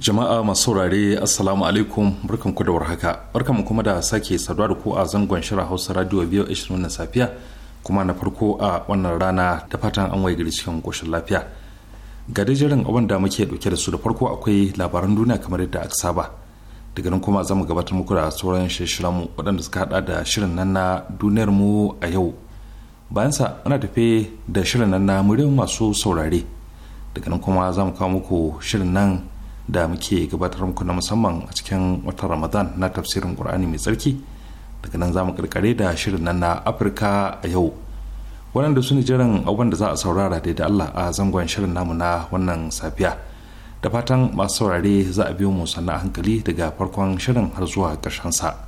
Jama'a masu saurare Assalamu alaikum barkan ku da warhaka. Barkan mu kuma da sake saduwa da ku a zangon shirin Hausa Radio biyu 20 na safiya kuma na farko a wannan rana ta fatan an waye gari cikin koshin lafiya. Ga jiran abin da muke dauke da su da farko akwai labaran duniya kamar yadda aka saba. Daga nan kuma zamu gabatar muku da sauran shirin mu waɗanda suka hada da shirin nan na duniyar mu a yau. Bayan sa ana tafe da shirin nan na muryar masu saurare. Daga nan kuma zamu kawo muku shirin nan da muke gabatar muku na musamman a cikin watan ramadan na tafsirin qur'ani mai tsarki daga nan za mu karkare da shirin nan na afirka a yau waɗanda su ne jiran abubuwan da za a saurara da allah a zangon shirin namu na wannan safiya da fatan masu saurare za a biyo mu sannan hankali daga farkon shirin har zuwa ƙarshen sa.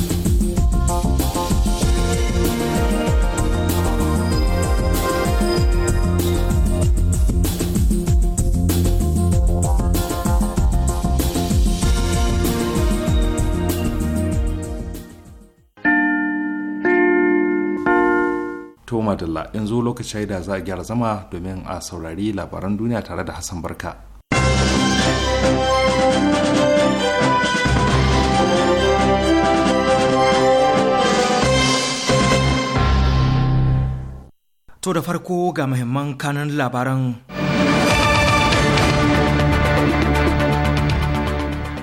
Dalla in zo lokaci da za a gyara zama domin a saurari labaran duniya tare da hassan barka to da farko ga muhimman kanan labaran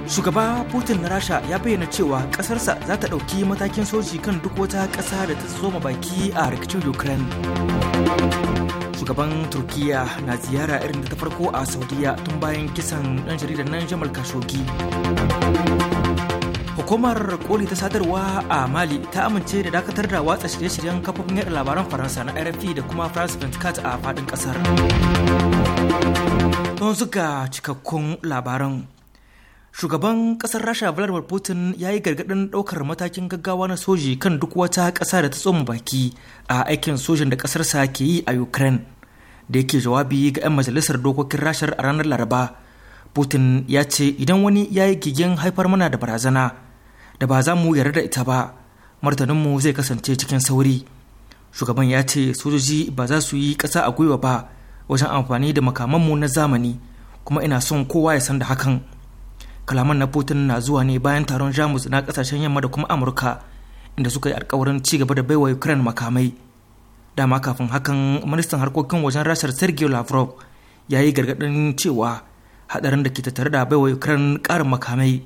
shugaba putin na rasha ya bayyana cewa kasarsa za ta ɗauki matakin soji kan duk wata ƙasa da ta tsoma baki a rikicin ukraine shugaban turkiya na ziyara irin da ta farko a saudiya tun bayan kisan ɗan jaridar nan jamal khashoggi hukumar koli ta sadarwa a mali ta amince da dakatar da watsa shirye-shiryen kafofin yaɗa labaran faransa na rfp da kuma france 24 a faɗin ƙasar don suka cikakkun labaran shugaban kasar rasha vladimir putin ya yi gargadin daukar matakin gaggawa na soji kan duk wata kasa da ta tsoma baki a aikin sojin da kasarsa ke yi a ukraine da yake jawabi ga 'yan majalisar dokokin rashar a ranar laraba putin ya ce idan wani ya yi gigin haifar mana da barazana da ba za mu yarda da ita ba martaninmu zai kasance cikin sauri shugaban ya ce sojoji ba za su yi ƙasa a gwiwa ba wajen amfani da makamanmu na zamani kuma ina son kowa ya san da hakan kalaman na putin na zuwa ne bayan taron jamus na kasashen yamma da kuma amurka inda suka yi alkawarin ci gaba da baiwa ukraine makamai dama kafin hakan ministan harkokin wajen rashar sergei lavrov ya yi gargadin cewa hadarin da ke tattare da baiwa ukraine karin makamai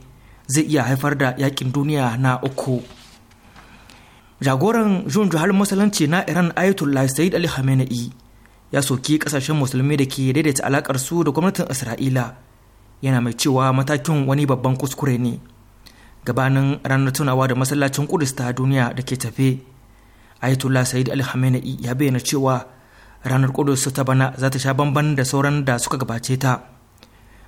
zai iya haifar da yakin duniya na uku jagoran jun juhal musulunci na iran ayatollah said ali khamenei ya soki kasashen musulmi da ke daidaita alakar su da gwamnatin isra'ila yana mai cewa matakin wani babban kuskure ne gabanin ranar tunawa da masallacin kudus ta duniya da ke tafe ayatollah said al khamenei ya bayyana cewa ranar kudus ta bana za ta sha bamban da sauran da suka gabace ta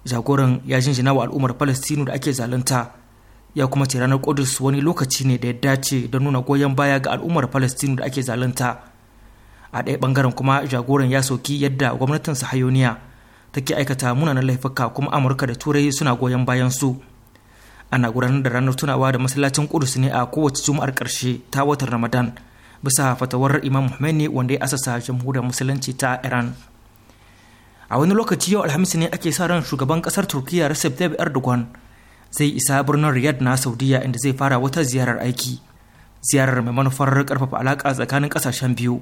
jagoran ya jinjina wa al'ummar palestinu da ake zalunta ya kuma ce ranar kudus wani lokaci ne da ya dace don nuna goyon baya ga al'ummar palestinu da ake zalunta a ɗaya bangaren kuma jagoran ya soki yadda gwamnatin sahayoniya take aikata munanan laifuka kuma amurka da turai suna goyon bayan su ana gudanar da ranar tunawa da masallacin kudus ne a kowace juma'ar karshe ta watan ramadan bisa fatawar imam Khomeini wanda ya asasa jamhuriyar musulunci ta iran a wani lokaci yau alhamis ne ake sa ran shugaban kasar turkiya recep tayyip erdogan zai isa birnin riyad na saudiya inda zai fara wata ziyarar aiki ziyarar mai manufar karfafa alaka tsakanin kasashen biyu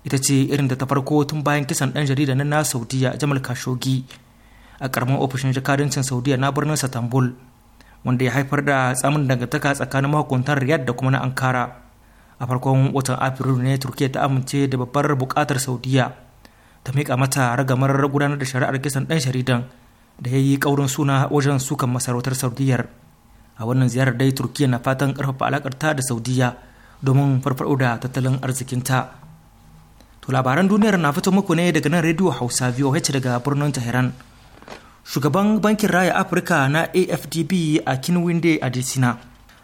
ita ce irin da ta farko tun bayan kisan ɗan jarida na saudiya jamal khashoggi a karamin ofishin jakadancin saudiya na birnin satambul wanda ya haifar da tsamin dangantaka tsakanin mahukuntan riyadh da kuma na ankara a farkon watan afrilu ne turkiya ta amince da babbar bukatar saudiya ta miƙa mata ragamar gudanar da shari'ar kisan ɗan jaridan da ya yi ƙaurin suna wajen sukan masarautar saudiyar a wannan ziyarar dai turkiya na fatan karfafa alakar ta da saudiya domin farfaɗo da tattalin arzikinta To labaran duniyar na fito muku ne daga nan radio Hausa VOH daga birnin Tehran. Shugaban bankin raya Afirka na AFDB a Kinwinde Adesina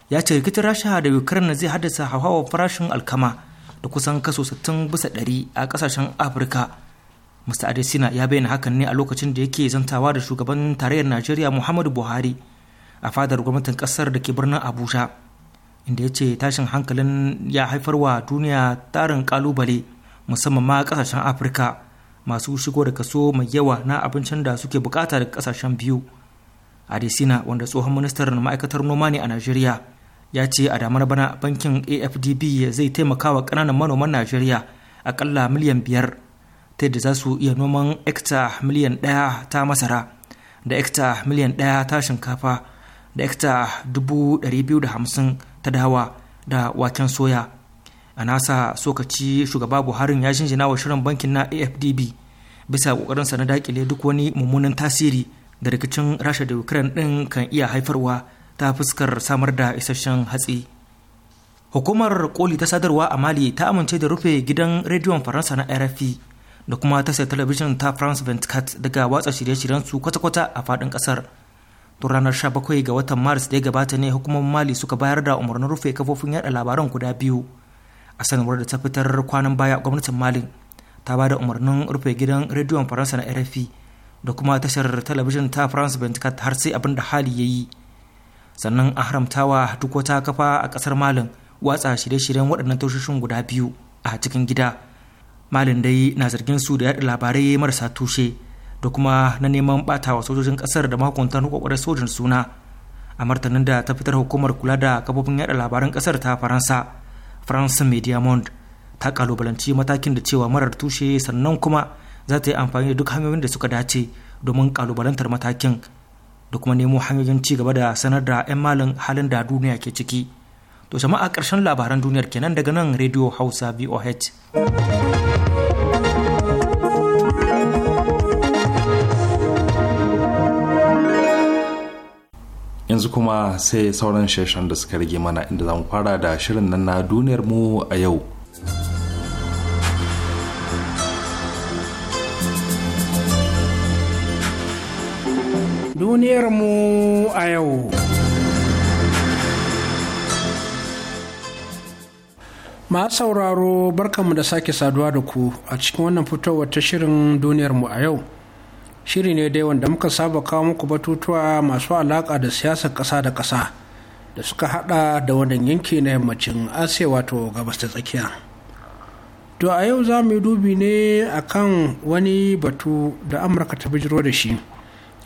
ya ce rikicin Rasha da Ukraine zai haddasa hauhawar farashin alkama da kusan kaso 60 bisa ɗari a kasashen Afirka. Mr. Adesina ya bayyana hakan ne a lokacin da yake zantawa da shugaban tarayyar Najeriya Muhammadu Buhari a fadar gwamnatin kasar da ke birnin Abuja. inda ya ce tashin hankalin ya haifar wa duniya tarin kalubale musamman ma kasashen afirka masu shigo da kaso mai yawa na abincin da suke bukata daga kasashen biyu adesina wanda tsohon ministan ma'aikatar noma ne a najeriya ya ce a damar bana bankin afdb zai taimaka wa kananan manoman najeriya akalla miliyan biyar ta yadda za su iya noman ekta miliyan ɗaya ta masara da ekta miliyan ɗaya ta shinkafa da ekta dubu da hamsin ta dawa da waken soya a nasa sokaci shugaba buharin ya jinjina wa shirin bankin na afdb bisa sa na dakile duk wani mummunan tasiri da rikicin rasha da ukraine din kan iya haifarwa ta fuskar samar da isasshen hatsi hukumar koli ta sadarwa a mali ta amince da rufe gidan rediyon faransa na rfi da kuma tashar talabijin ta france 24 daga watsa shirye-shiryen su kwata-kwata a faɗin kasar tun ranar 17 ga watan maris da ya gabata ne hukumar mali suka bayar da umarnin rufe kafofin yada labaran guda biyu a sanarwar da ta fitar kwanan baya gwamnatin mali ta ba da umarnin rufe gidan rediyon faransa na rfi da kuma tashar talabijin ta france 24 har sai abin da hali ya yi sannan a haramtawa duk wata kafa a kasar malin watsa shirye-shiryen waɗannan tushen guda biyu a cikin gida malin dai na zargin su da yaɗa labarai marasa tushe da kuma na neman ɓatawa sojojin ƙasar da mahukuntan kwakwarar sojin suna a martanin da ta fitar hukumar kula da kafofin yaɗa labaran ƙasar ta faransa france media monde ta kalubalanci matakin da cewa marar tushe sannan kuma za ta yi amfani da duk hanyoyin da suka dace domin kalubalantar matakin da kuma nemo hanyoyin ci gaba da sanar da 'yan malin halin da duniya ke ciki to jama'a ƙarshen labaran duniyar kenan daga nan radio hausa voh yanzu kuma sai sauran sheshan da suka rage mana inda zamu fara da shirin nan na duniyar mu a yau duniyar mu a yau ma sauraro barkanmu da sake saduwa da ku a cikin wannan fitowar ta shirin duniyar mu a yau shiri ne dai wanda muka saba kawo muku batutuwa masu alaƙa da siyasar ƙasa da ƙasa da suka haɗa da wannan yanki na yammacin asiya wato gabas da tsakiya to a yau za mu yi dubi ne akan wani batu da amurka ta bijiro da shi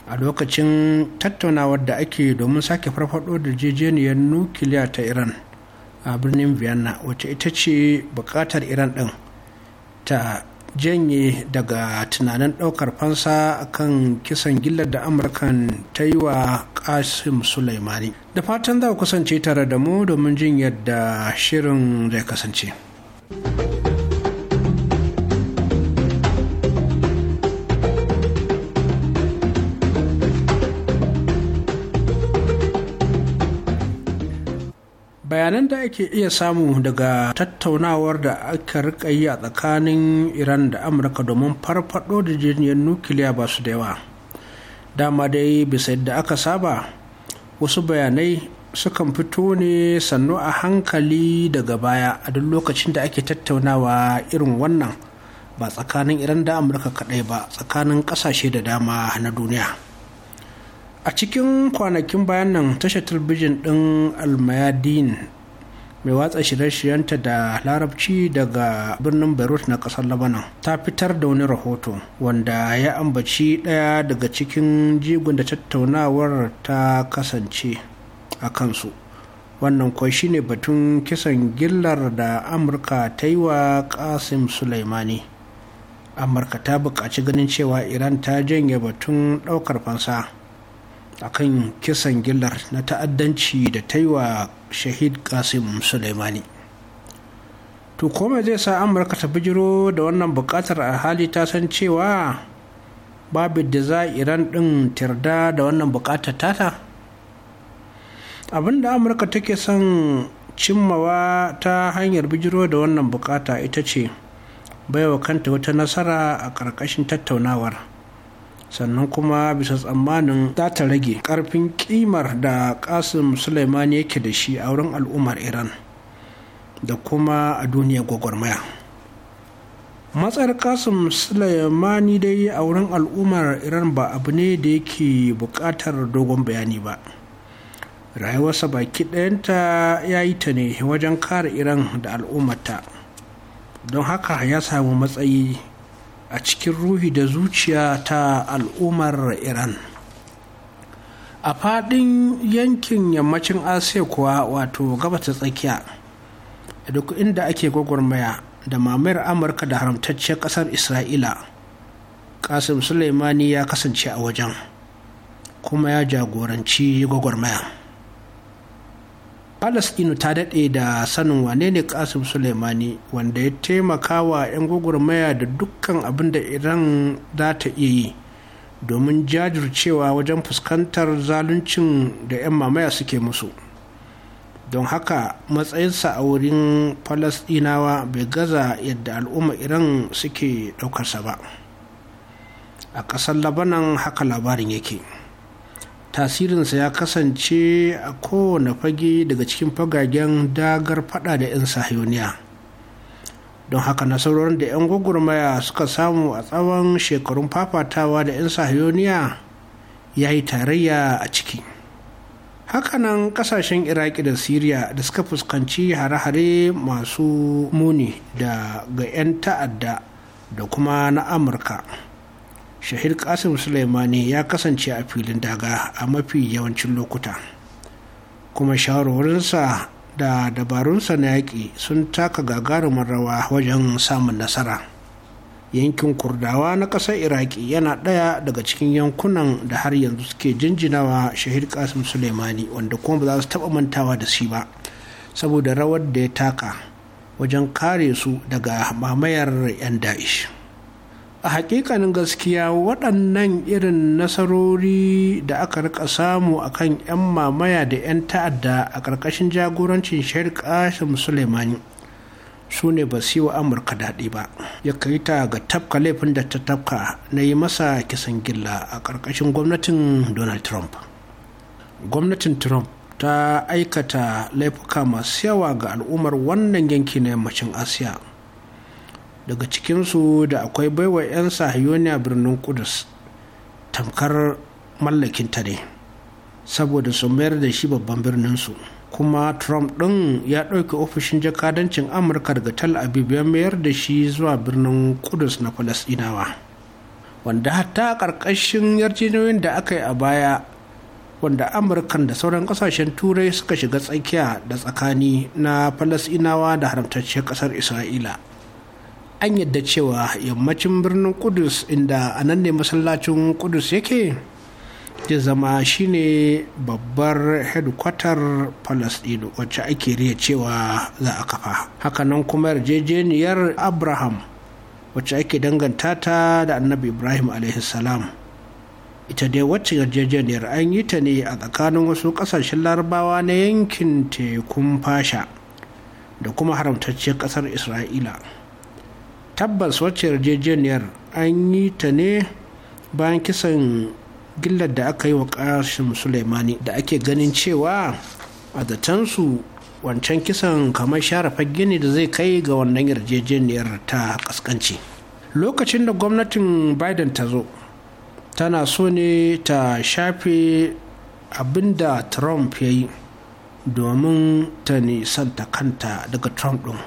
a lokacin tattaunawar da ake domin sake farfado da jejeniyar nukiliya ta iran a birnin vienna wacce ita ce bukatar iran ɗin ta janye daga tunanin ɗaukar fansa kan kisan gillar da amurkan ta yi wa kasim suleimani da fatan za ku kusance tare da mu domin jin yadda shirin zai kasance. bayanan da ake iya samu daga tattaunawar da aka rika yi a tsakanin iran da amurka domin farfado da jiniyar nukiliya ba su da yawa dama dai bisa yadda aka saba wasu bayanai sukan fito ne sannu a hankali daga baya a duk lokacin da ake tattaunawa irin wannan ba tsakanin iran da amurka kadai ba tsakanin kasashe da dama na duniya. a cikin kwanakin bayan nan tashar talbijin ɗin almayadin mai watsa shirye-shiryenta da larabci daga birnin beirut na ƙasar labanan ta fitar da wani rahoto wanda ya ambaci ɗaya daga cikin jigun da tattaunawar ta kasance a kansu wannan kuwa shine batun kisan gillar da amurka ta yi wa kasim sulaimani amurka ta buƙaci ganin cewa iran ta janye batun ɗaukar fansa akan kisan gillar na ta'addanci da ta yi wa shahid kasim suleimani to kome zai sa amurka ta bijiro da wannan bukatar a hali ta san cewa babu da za iran din tirda da wannan bukatar tata abinda amurka take son cimmawa ta hanyar bijiro da wannan bukata ita ce baiwa kanta wata nasara a ƙarƙashin tattaunawar sannan kuma bisa tsammanin za ta rage ƙarfin kimar da kasim suleimani yake da shi a wurin al'ummar iran da kuma a duniyar gwagwarmaya Matsayar kasim suleimani dai a wurin al'ummar iran ba abu ne da yake buƙatar dogon bayani ba rayuwarsa baki ɗayanta ya yi ta ne wajen kare iran da al'ummata don haka ya samu matsayi a cikin ruhi da zuciya ta al'ummar iran a fadin yankin yammacin asiya kuwa wato ta tsakiya duk inda ake gwagwarmaya da mamayar amurka da haramtacciyar kasar isra'ila kasim suleimani ya kasance a wajen kuma ya jagoranci gwagwarmaya palestino ta daɗe da sanin wane ne kasim suleimani wanda ya taimaka wa 'yan gwagwarmaya da dukkan abin da iran za ta iya yi domin jajircewa wajen fuskantar zaluncin da 'yan mamaya suke musu don haka matsayinsa a wurin falasdinawa bai gaza yadda al'umma iran suke ɗaukarsa ba a ƙasar labanan haka labarin yake tasirinsa ya kasance a kowane fage daga cikin fagagen dagar fada da 'yan sahiyoniya don haka na nasarorin da 'yan gwagwarmaya suka samu a tsawon shekarun fafatawa da 'yan sahiyoniya ya yi tarayya a ciki hakanan kasashen iraki da siriya da suka fuskanci hare-hare masu muni daga 'yan ta'adda da kuma na amurka shahid kasim suleimani ya kasance a filin daga a mafi yawancin lokuta kuma shawarwarinsa da dabarunsa na yaƙi sun taka gagarumin rawa wajen samun nasara yankin kurdawa na ƙasar iraki yana ɗaya daga cikin yankunan da har yanzu suke jinjinawa shahid kasim suleimani wanda kuma ba za su taɓa mantawa da shi ba saboda rawar da ya taka wajen kare su daga mamayar 'yan da'ish. a hakikanin gaskiya waɗannan irin nasarori da aka rika samu a kan 'yan mamaya da 'yan ta'adda a ƙarƙashin jagorancin shayar qasim suleimani su ne ba su yi wa amurka daɗi ba ya kai ta ga tafka laifin da ta tafka na yi masa kisan gilla a ƙarƙashin gwamnatin donald trump gwamnatin trump ta aikata laifuka masu yawa ga al'ummar wannan yanki na yammacin asiya daga cikinsu da akwai baiwa 'yan sahiyoniya birnin kudus tamkar mallakin ta ne saboda su mayar da shi babban birninsu kuma trump ɗin ya ɗauki ofishin jakadancin amurka daga tal aviv ya mayar da shi zuwa birnin kudus na falasɗinawa wanda hatta ƙarƙashin yarjejeniyoyin da aka yi a baya wanda amurkan da sauran ƙasashen turai suka shiga tsakiya da tsakani na falasɗinawa da haramtacciyar ƙasar isra'ila an yadda cewa yammacin birnin kudus inda a nan ne masallacin kudus yake ya zama shine babbar hedkwatar palestine wacce ake riya cewa za a kafa hakanan kuma yarjejeniyar abraham wacce ake danganta ta da annabi ibrahim salam ita dai wacce yarjejeniyar an yi ta ne a tsakanin wasu kasashen larabawa na yankin tekun fasha da kuma haramtacciyar kasar isra'ila tabbas wacce yarjejeniyar an yi ta ne bayan kisan gillar da aka yi wa ƙarshen suleimani da ake ganin cewa a zatansu wancan kisan kamar share gini da zai kai ga wannan yarjejeniyar ta kaskanci lokacin da gwamnatin biden ta zo tana so ne ta shafe abin da trump ya yi domin ta nisanta kanta daga trump ɗin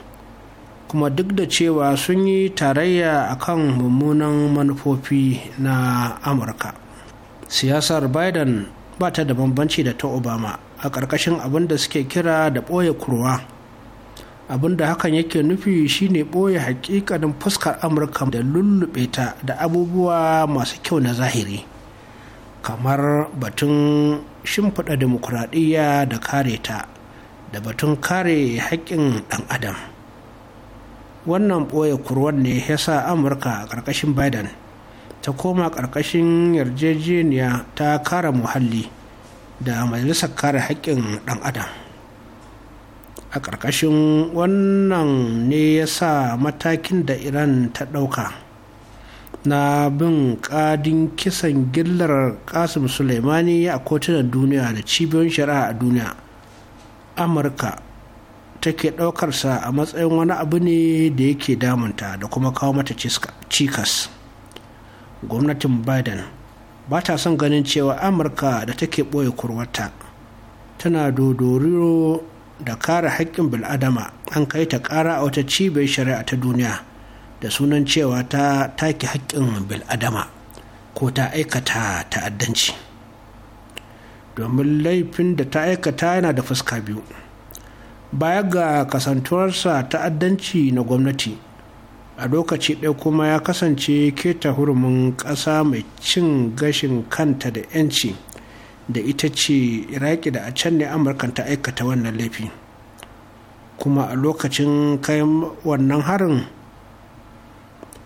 kuma duk da cewa sun yi tarayya akan mummunan manufofi na amurka siyasar biden ba ta da bambanci da ta obama a ƙarƙashin abin da suke kira da ɓoye kurwa abin da hakan yake nufi shine ɓoye hakikanin fuskar amurka da lullube ta da abubuwa masu kyau na zahiri kamar batun shimfiɗa demokuraɗiyya da kare ta da batun kare haƙƙin ɗan adam wannan ɓoye kurwan ne ya sa amurka a ƙarƙashin biden ta koma ƙarƙashin yarjejeniya ta kare muhalli da majalisar kare haƙƙin ɗan adam a ƙarƙashin wannan ne ya sa matakin da iran ta ɗauka na bin ƙadin kisan gillar kasim suleimani a kotunan duniya da cibiyoyin shari'a a duniya amurka take ɗaukarsa a matsayin wani abu ne da yake damunta da kuma kawo mata cikas gwamnatin biden ba ta son ganin cewa amurka da take ɓoye kurwata tana dodoriro da kare haƙƙin bil'adama an kai ta ƙara a wata cibiyar shari'a ta duniya da sunan cewa ta take haƙƙin bil'adama ko ta aikata ta'addanci domin laifin da ta aikata yana da fuska biyu baya ga kasantuwarsa ta'addanci na gwamnati a lokaci ɗaya kuma ya kasance keta hurumin ƙasa mai cin gashin kanta da 'yanci da ita ce iraki da a can ne amurkan ta aikata wannan laifi kuma a lokacin kayan wannan harin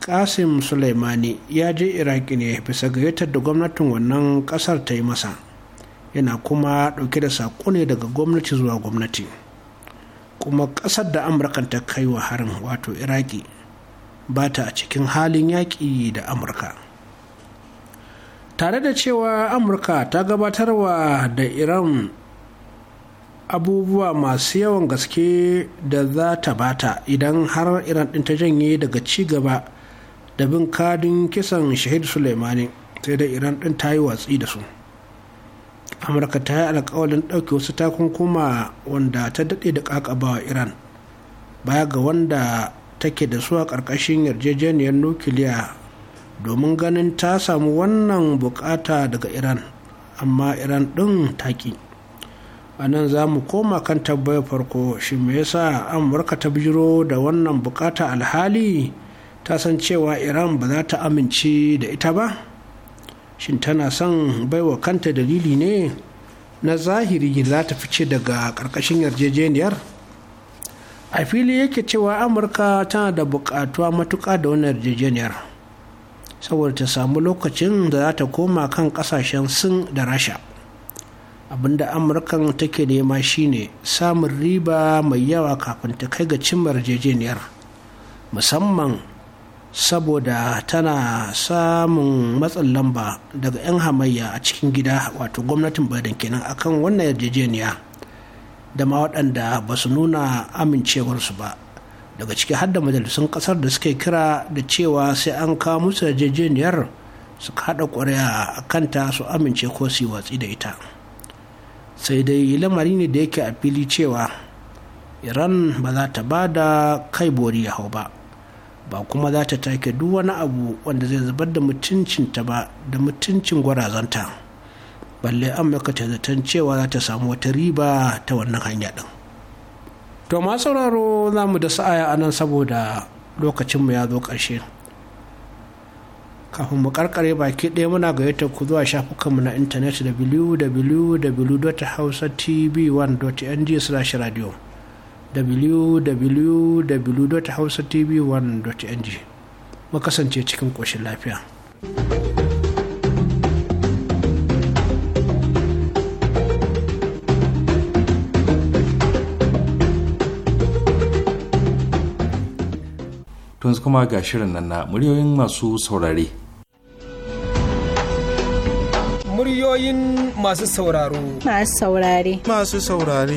kasim sulaimani ya je iraki ne bisa gayyatar da gwamnatin wannan ƙasar ta yi masa yana kuma ɗauke da saƙo ne daga gwamnati zuwa gwamnati. kuma ƙasar da amurkan ta kai wa harin wato iraki ba ta cikin halin yaƙi da amurka tare da cewa amurka ta gabatarwa da iran abubuwa masu yawan gaske da za ta bata idan har iran ɗin ta janye daga ci gaba da bin kadin kisan shahid suleimani sai da iran ɗin ta yi watsi da su amurka ta yi alkawalin ɗauke wasu takunkuma wanda ta daɗe da ƙaƙabawa iran baya ga wanda take da su a ƙarƙashin yarjejeniyar nukiliya domin ganin ta samu wannan buƙata daga iran amma iran ɗin taƙi a nan za mu koma kan tabbayar farko shi me yasa amurka ta bijiro da wannan bukata alhali ta san cewa iran ba za ta amince da ita ba shin tana son baiwa kanta dalili ne na zahiri za ta fice daga ƙarƙashin yarjejeniyar a fili yake cewa amurka tana da buƙatuwa matuƙa da wannan yarjejeniyar saboda ta samu lokacin da za ta koma kan ƙasashen sin da rasha abinda amurkan take nema shine samun riba mai yawa kafin ta kai ga cimma yarjejeniyar musamman saboda tana samun matsin lamba daga 'yan hamayya a cikin gida wato gwamnatin badan kenan akan wannan yarjejeniya da ma waɗanda ba su nuna amincewarsu ba daga ciki har da majalisun ƙasar da suke kira da cewa sai an kawo musu yarjejeniyar su haɗa ƙwarya a kanta su amince ko su watsi da ita sai dai lamari ne da yake a fili cewa iran ba za ta ba da kai bori ya hau ba ba kuma za ta take duk wani abu wanda zai zubar da mutuncinta ba da mutuncin gwarazanta balle amurka ta zaton cewa za ta samu wata riba ta wannan hanya ɗin to ma sauraro za mu da sa'aya a nan saboda lokacinmu ya zo ƙarshe kafin mu karkare baki ɗaya muna gayyata ku zuwa shafukanmu na intanet da da da hausa www.hausatv1.ng/radio www.hausatv1.ng mu kasance cikin ƙoshin lafiya. yanzu kuma ga shirin nan na muryoyin masu saurare. Muryoyin masu sauraro. Masu saurare. Masu saurare.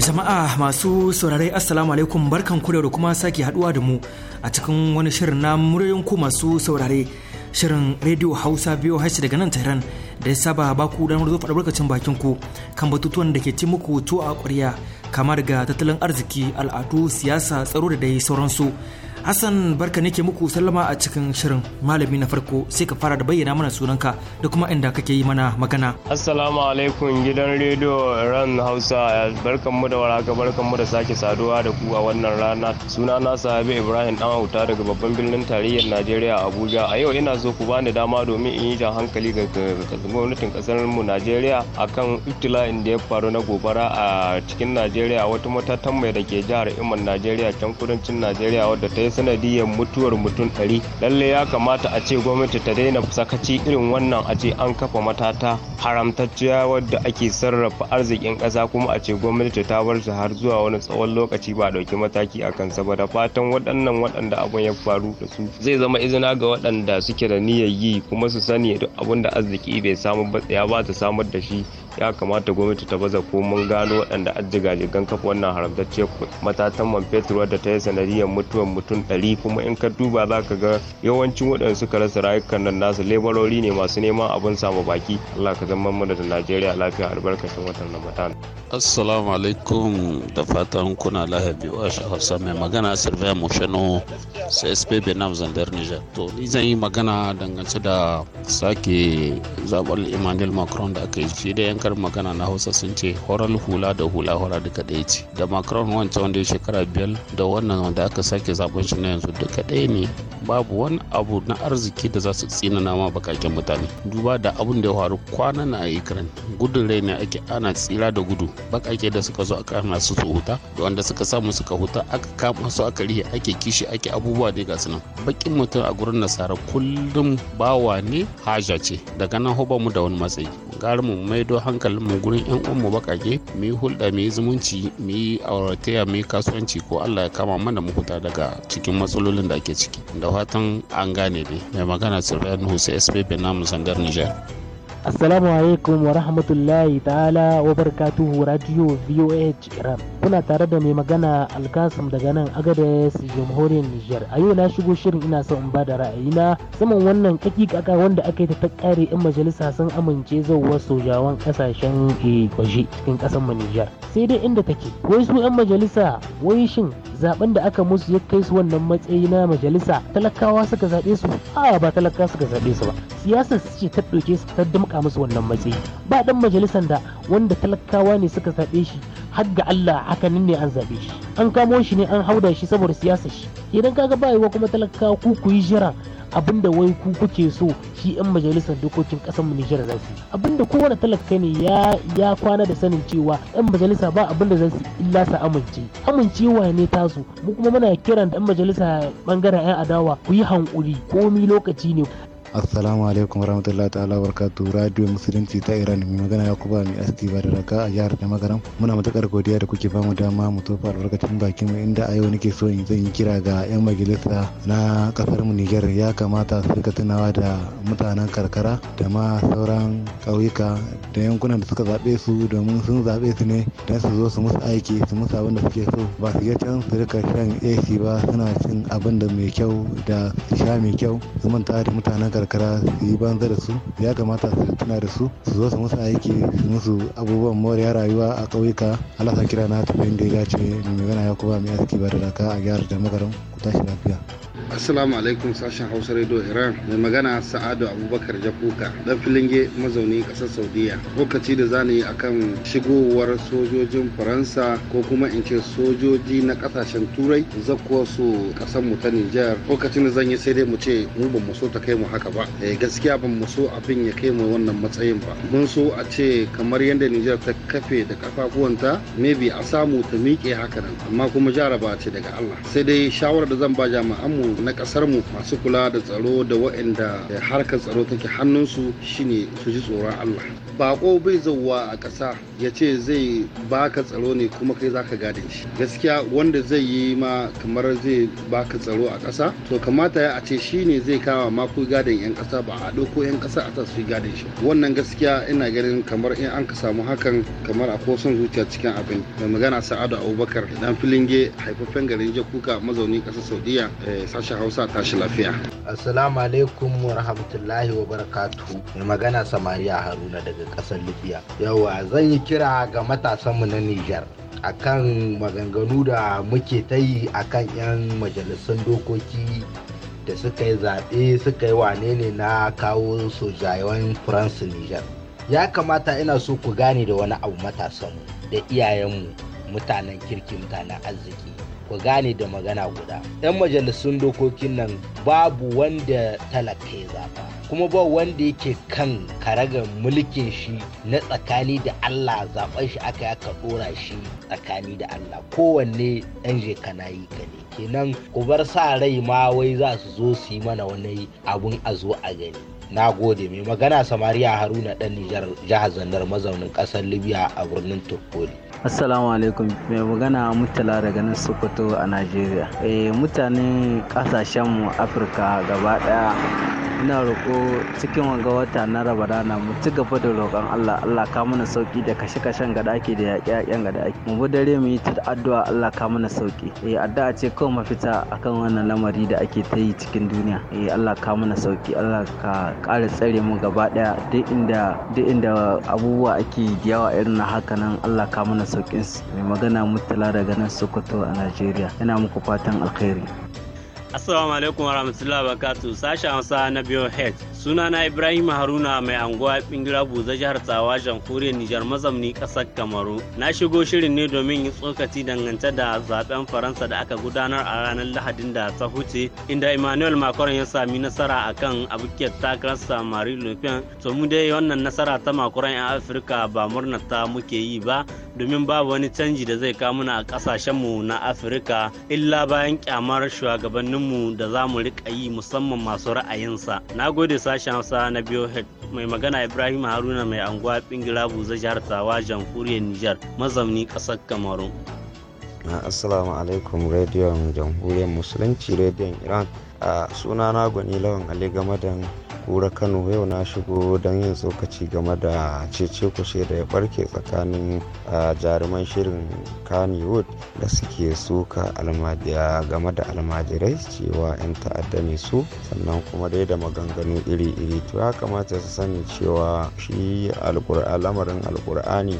Jama'a masu saurare Assalamu alaikum barkan ku da kuma sake haduwa da mu a cikin wani shirin na muryoyin ku masu saurare shirin Radio Hausa biyo hashi daga nan Tehran da ya saba ba ku dan zo faɗa barkacin bakin ku kan batutuwan da ke ci muku tuwo a ƙwarya kama daga tattalin arziki al'adu siyasa tsaro da dai sauransu. Hassan barka nake muku sallama a cikin shirin malami na farko sai ka fara da bayyana mana sunanka da kuma inda kake yi mana magana. Assalamu alaikum gidan rediyo ran Hausa barkan mu da waraka barkan mu da sake saduwa da ku a wannan rana. Suna na Sahabi Ibrahim Dan Hauta daga babban birnin tarayyar Najeriya Abuja. A yau ina so ku bani dama domin in yi jan hankali ga gwamnatin kasar mu Najeriya akan iftila'in da ya faru na gobara a cikin Najeriya wata matatan mai da ke jihar Iman Najeriya can kudancin Najeriya wadda ta yi sanadiyar mutuwar mutum 100 lalle ya kamata a ce gwamnati ta daina sakaci irin wannan a ce an kafa matata haramtacciya wadda ake sarrafa arzikin ƙasa kuma a ce gwamnati ta bar su har zuwa wani tsawon lokaci ba dauki mataki a kansa ba da fatan waɗannan waɗanda abun ya faru da su zai zama izina ga waɗanda suke da niyyar yi kuma su sani duk abin da arziki bai samu ba ya ba ta samar da shi ya kamata gwamnati ta baza mun gano waɗanda addiga-jigan kafa wannan haramtacce matatan man fetur da ta yi sanadiyar mutuwar mutum ɗari kuma in ka duba za ka ga yawancin waɗanda suka rasa rayukan nan nasu lebarori ne masu neman abin samu baki allah ka zama mana da najeriya lafiya albarkacin watan ramadan assalamu alaikum da fatan kuna lahiya biyu a hausa mai magana sylvain mushano csp benam zandar niger to ni zan yi magana dangance da sake zaɓar emmanuel macron da aka yi shi da yanka kar magana na hausa sun ce horal hula da hula hora duka ɗaya ce da macron wancan wanda ya shekara biyar da wannan wanda aka sake zaben shi na yanzu duka ɗaya ne babu wani abu na arziki da za su tsinana ma bakaken mutane duba da abun da ya faru kwana na ikran gudun rai ne ake ana tsira da gudu bakake da suka zo aka hana su su huta da wanda suka samu suka huta aka kama su aka rihe ake kishi ake abubuwa dai ga sunan bakin mutum a gurin nasara kullum bawa ne haja ce daga nan hoba mu da wani matsayi garin mu maido hankalin mu gurin yan uwan mu bakake mu yi hulɗa mu yi zumunci mu yi aurataya mu yi kasuwanci ko Allah ya kama mana mu huta daga cikin matsalolin da ake ciki da fatan an gane ne mai magana Sirriya Nuhu sai SPP namu sandar Niger Assalamu alaikum wa rahmatullahi ta'ala wa barakatuhu Radio VOH Iran. Kuna tare da mai magana Alkasim daga nan Agadez Jamhuriyar Nijar. A yau na shigo shirin ina son in ba da ra'ayina saman wannan kakikaka wanda aka yi ta takare yan majalisa sun amince zauwa sojawan kasashen eh, waje cikin kasar mu Nijar. Sai dai inda take. Wai su yan majalisa wai shin zaben da aka musu ya kai su wannan matsayi na majalisa talakawa suka zaɓe su? A ba talakawa suka zaɓe su ba. Siyasar su ce ta ɗauke su ta damka musu wannan matsayi ba dan majalisan da wanda talakawa ne suka zaɓe shi har ga Allah hakanin ne an zaɓe shi an kamo shi ne an hauda shi saboda siyasa shi idan kaga ba yiwa kuma talakawa ku ku yi jira abinda wai ku kuke so shi yan majalisar dokokin kasar mu Nijar za su abinda kowane talaka ne ya ya kwana da sanin cewa yan majalisa ba abinda za su illa su amince amincewa ne tasu mu kuma muna kiran da yan majalisa bangaren yan adawa ku yi hankuri komi lokaci ne assalamu alaikum warahmatullahi ta'ala barkatu radio musulunci ta iran mai magana ya kuba mai asti ba da raka a jihar da magaram muna matukar godiya da kuke bamu dama mu tofa albarkacin bakin mu inda a yau nake so in zan yi kira ga yan majalisa na kasar mu niger ya kamata su rika tunawa da mutanen karkara da ma sauran ƙauyuka da yankunan da suka zaɓe su domin sun zaɓe su ne don su zo su musu aiki su musu abin da suke so ba su can su rika shan ac ba suna cin abin da mai kyau da sha mai kyau su manta da mutanen karkara su yi banza da su ya kamata su tuna da su su zo su musu aiki su musu abubuwan moriya rayuwa a ƙauyuka Allah sa kira na tafiyan da ya dace mai magana ya kuma mai aski ba da raka a gyara da magaran ku tashi lafiya. Assalamu alaikum sashen Hausa Radio Iran mai magana Sa'adu Abubakar Jafuka. dan filinge mazauni kasar Saudiya. Lokaci da zani yi akan shigowar sojojin Faransa ko kuma in ce sojoji na kasashen Turai zakuwa su kasar mu ta Nijar. Lokacin da zan yi sai dai mu ce mu ba mu so ta kai mu haka ba. Eh gaskiya ban mu so abin ya kai mu wannan matsayin ba. Mun so a ce kamar yadda Nijar ta kafe da kafafuwanta maybe a samu ta miƙe haka nan amma kuma jaraba ce daga Allah. Sai dai shawarar da zan ba jami'an mu na kasar mu masu kula da tsaro da waɗanda harkar tsaro take hannunsu shine su ji tsoron Allah bako bai zauwa a ƙasa ya ce zai baka tsaro ne kuma kai zaka gadin shi gaskiya wanda zai yi ma kamar zai baka tsaro a ƙasa to kamata ya a ce shi ne zai kama ma ku gadin yan ƙasa ba a ɗauko yan ƙasa a su gadin shi wannan gaskiya ina ganin kamar in an ka samu hakan kamar a son zuciya cikin abin da magana sa'adu abubakar dan filinge haifafen garin jakuka mazauni ƙasar saudiya eh, sashen hausa tashi lafiya assalamu alaikum wa rahmatullahi wa barakatuhu magana samariya haruna daga ƙasar libya yawa zan yi kira ga matasanmu na niger A kan maganganu da muke ta yi kan 'yan majalisun dokoki da suka yi zaɓe suka yi wane ne na kawo sojayen france niger ya kamata ina so ku gane da wani abu matasanmu da iyayenmu mutanen kirki mutanen arziki ku gane da magana guda yan majalisun dokokin nan babu wanda talaka ya zaba kuma ba wanda yake kan karagar mulkin shi na tsakani da allah zaben shi aka yaka ɗora shi tsakani da allah kowanne ɗan je kana yi ka ne kenan ku bar sa rai ma wai za su zo su yi mana wani abun a zo a gani na gode mai magana samariya haruna dan nijar jihar zandar mazaunin kasar libya a birnin tripoli assalamu alaikum mai magana mutala daga nan sokoto a nigeria eh mutanen kasashenmu afirka gaba daya ina roƙo cikin wanga wata na raba rana mu ci gaba da roƙon Allah Allah ka mana sauki da kashe-kashen gada ake da yaƙe-yaƙen gada ake mu dare mu yi ta addu'a Allah ka mana sauki eh addu'a ce kawai mafita akan wannan lamari da ake ta yi cikin duniya eh Allah ka mana sauki Allah ka ƙara tsare mu gaba ɗaya duk inda duk inda abubuwa ake yawa irin na haka nan Allah ka mana saukin su mai magana mutala daga nan Sokoto a Najeriya yana muku fatan alkhairi Assalamu alaikum wa rahmatullahi wa barakatu sashen hamsa na biyo head suna na Ibrahim Haruna mai anguwa bingira buza jihar Tsawa jamhuriyar Nijar mazamni kasar Kamaru na shigo shirin ne domin yin tsokaci dangance da zaben Faransa da aka gudanar a ranar Lahadin da ta huce inda Emmanuel Macron ya sami nasara akan abokiyar takararsa Marie Le Pen to mu dai wannan nasara ta Macron 'yan Afirka ba murna ta muke yi ba domin babu wani canji da zai kawo muna a kasashenmu na afirka illa bayan kyamar shugabanninmu da za mu riƙa yi musamman masu ra'ayinsa na gode sashen hausa na biyo mai magana ibrahim haruna mai anguwa bingila buza jihar tawa jamhuriyar nijar mazauni ƙasar kamaru assalamu alaikum rediyon jamhuriyar musulunci rediyon iran a suna na gwani lawan ali game da kura kano yau na shigo don yin tsokaci game da cece kushe da ya barke tsakanin a jaruman shirin kannywood da suke suka almajiya game da almajirai cewa 'yan ta'adda ne su sannan kuma dai da maganganu iri-iri to ya kamata su sani cewa shi lamarin alkur'ani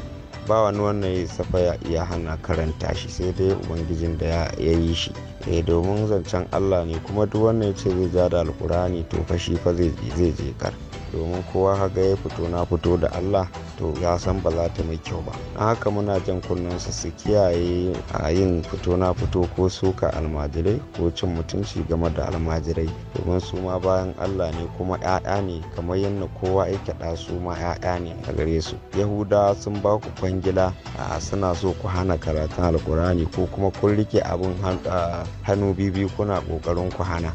ba wani wannan ya safa ya hana karanta shi sai dai ubangijin da ya yi shi eh domin zancen allah ne kuma duk wannan ya ce zai ja da alkurani to fashi shi fa zai je kar domin kowa haga ya fito na fito da allah to ya san ba za ta mai kyau ba a haka muna jan kunnensu su kiyaye a yin fito na fito ko suka almajirai ko cin mutunci game da almajirai domin su ma bayan allah ne kuma 'ya'ya ne kamar yadda kowa ya da su ma 'ya'ya ne a gare su yahudawa sun ba ku kwangila a suna so ku hana karatun alkurani ko kuma kun rike abin hannu bibi kuna ƙoƙarin ku hana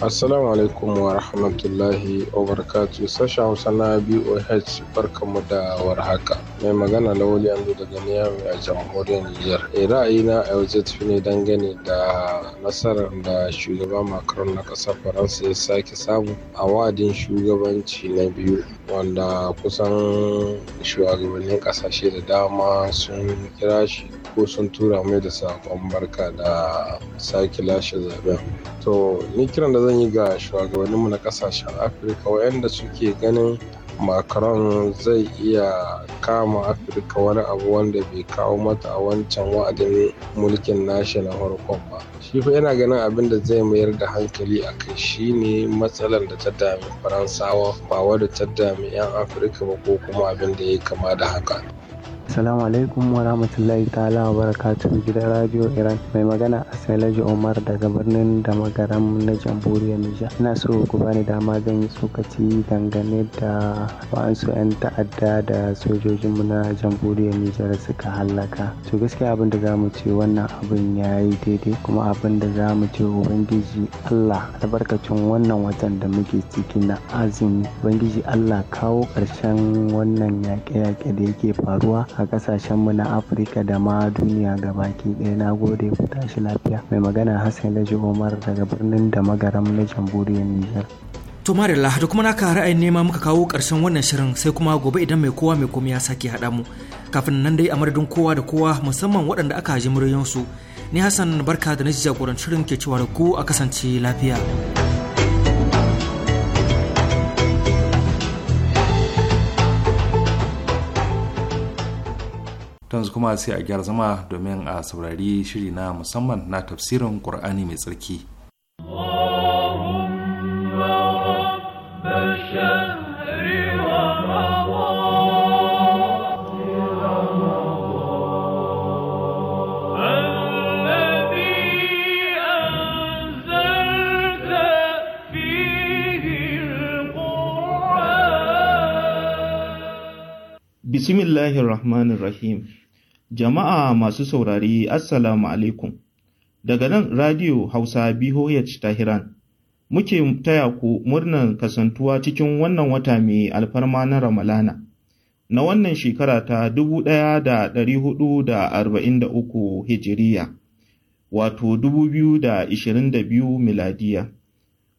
Assalamu alaikum wa rahmatullahi wa barakatuh sashen Hausa na BOH mu da warhaka. Mai magana Lawali Amdu daga Niyami a jamhuriyar Nijar. E ra'ayina a yau zai tafi ne dangane da nasarar da shugaban Macron na ƙasar Faransa ya sake samu a wa'adin shugabanci na biyu wanda kusan shugabannin ƙasashe da dama sun kira shi ko sun tura mai da saƙon barka da sake lashe zaben. To ni kiran da zan yi ga shugabanninmu na kasashen afirka wayanda suke ganin macron zai iya kama afirka wani abu wanda bai kawo mata a wancan wa'adin mulkin nashi na farkon ba shi fa yana ganin abin da zai mayar da hankali a kai shi ne matsalar da ta dami faransawa ba wadda ta dami 'yan afirka ba ko kuma abin da ya kama da haka Assalamu alaikum wa rahmatullahi ta'ala wa barakatuhu gidan Radio Iran mai magana a Sailaji Omar daga birnin da magaram na jamhuriyar Nijar. Ina so ku bani dama zan yi tsokaci dangane da wa'ansu 'yan ta'adda da sojojinmu na jamhuriyar Nijar suka hallaka. To gaskiya abin da za mu ce wannan abin ya yi daidai kuma abin da za mu ce Ubangiji Allah albarkacin wannan watan da muke ciki na azumi. Ubangiji Allah kawo ƙarshen wannan yaƙe-yaƙe da yake faruwa a kasashenmu na Afirka da ma duniya gabaki ɗaya. Na gode ku tashi lafiya. Mai magana Hassan Laji umar daga birnin da magaram na jamhuriyar Nijar. To Marilla, da kuma naka ra'ayin nema muka kawo ƙarshen wannan shirin sai kuma gobe idan mai kowa mai komai ya sake haɗa mu. Kafin nan dai a madadin kowa da kowa musamman waɗanda aka ji muryansu. Ni Hassan barka da na jagorancin shirin ke cewa da ku a kasance lafiya. don su kuma sai a gyara zama domin a saurari shiri na musamman na tafsirin ƙur'ani mai tsarki. Bismillahirrahmanirrahim. Jama'a masu saurari Assalamu alaikum. Daga nan Radio Hausa BOH Tahiran, muke taya ku murnar kasantuwa cikin wannan wata mai alfarma na Ramalana, na wannan shekara ta 1443 Hijiriya, wato 2022 Miladiya.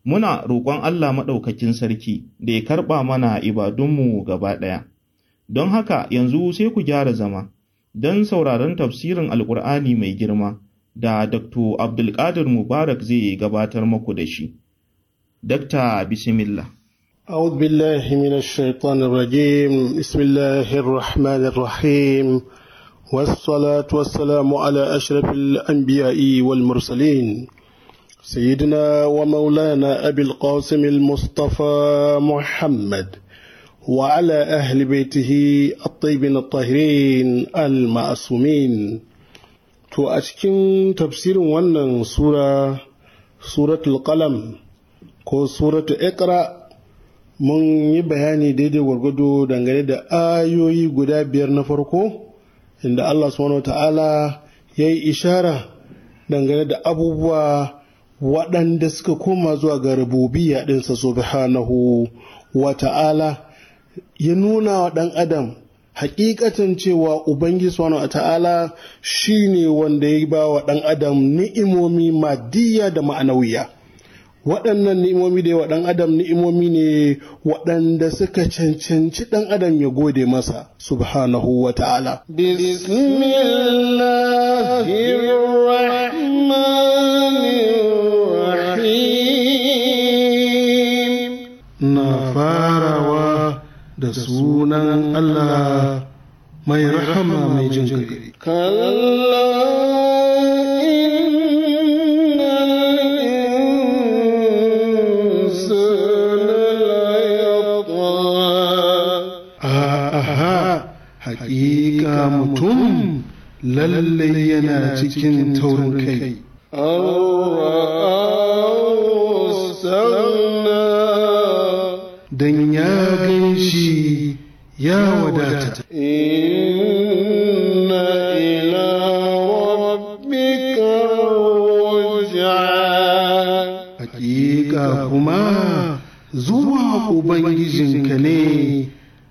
Muna roƙon Allah Maɗaukakin Sarki da ya karɓa mana ibadunmu gaba ɗaya. Don haka yanzu sai ku gyara zama. don sauraron tafsirin Alƙur'ani mai girma da Dr. Abdulkadir Mubarak zai gabatar maku da shi. dr Bismillah. أعوذ بالله من الشيطان الرجيم بسم الله الرحمن الرحيم والصلاة والسلام على أشرف الأنبياء والمرسلين سيدنا ومولانا أبي القاسم المصطفى محمد وعلى أهل بيته الطيبين الطاهرين المعصومين to a cikin tafsirin wannan sura suratul qalam ko suratul iqra mun yi bayani daidai gwargwado dangane da ayoyi guda biyar na farko inda Allah subhanahu wa ya yi ishara dangane da abubuwa waɗanda suka koma zuwa ga rububiyya ɗinsa subhanahu wa ta'ala ya nuna wa ɗan adam hakikatan cewa Ubangiji subhanahu wa ta'ala shi ne wanda ya ba wa ɗan adam ni'imomi madiyya da ma'anawiya. Waɗannan ni'imomi da wa ɗan adam ni'imomi ne waɗanda suka cancanci ɗan adam ya gode masa subhanahu wa ta'ala. Bismillahirrahmanirrahim. da sunan Allah mai rahama mai jin kai. Hakika mutum lallai yana cikin taurin kai. don ya gaishe ya wadata. Inna ila Hakika kuma zuwa Ubangijinka ne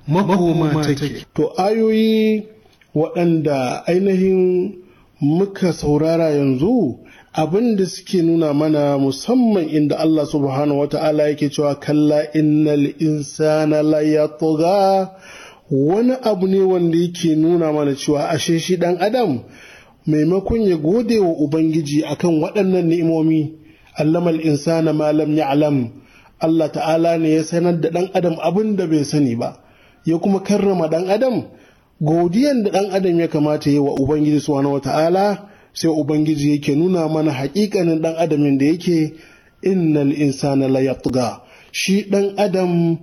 makoma take. To ayoyi waɗanda ainihin muka saurara yanzu abin da suke nuna mana musamman inda Allah subhanahu wa ta'ala yake cewa kalla innal insana la yatgha wani abu ne wanda yake nuna mana cewa ashe shi dan adam maimakon ya gode wa ubangiji akan waɗannan ni'imomi allamal insana ma lam ya'lam Allah ta'ala ne ya sanar da dan adam abin da bai sani ba ya kuma karrama dan adam godiyan da dan adam ya kamata yi wa ubangiji subhanahu wa ta'ala sai ubangiji yake nuna mana haƙiƙanin ɗan adamin da yake innal insana la yatga shi ɗan adam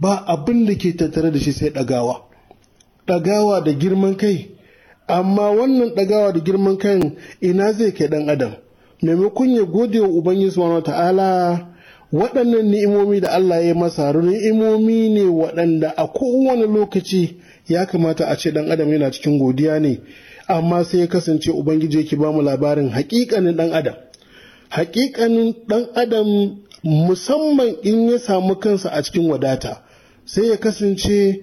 ba abin da ke tattare da shi sai ɗagawa ɗagawa da girman kai amma wannan ɗagawa da girman kai ina zai kai ɗan adam maimakon ya gode wa ubangiji subhanahu ta'ala waɗannan ni'imomi da Allah ya masa ni'imomi ne waɗanda a kowane lokaci ya kamata a ce ɗan adam yana cikin godiya ne amma sai ya kasance ubangiji yake bamu labarin hakikanin ɗan adam hakikanin ɗan adam musamman in ya samu kansa a cikin wadata sai ya kasance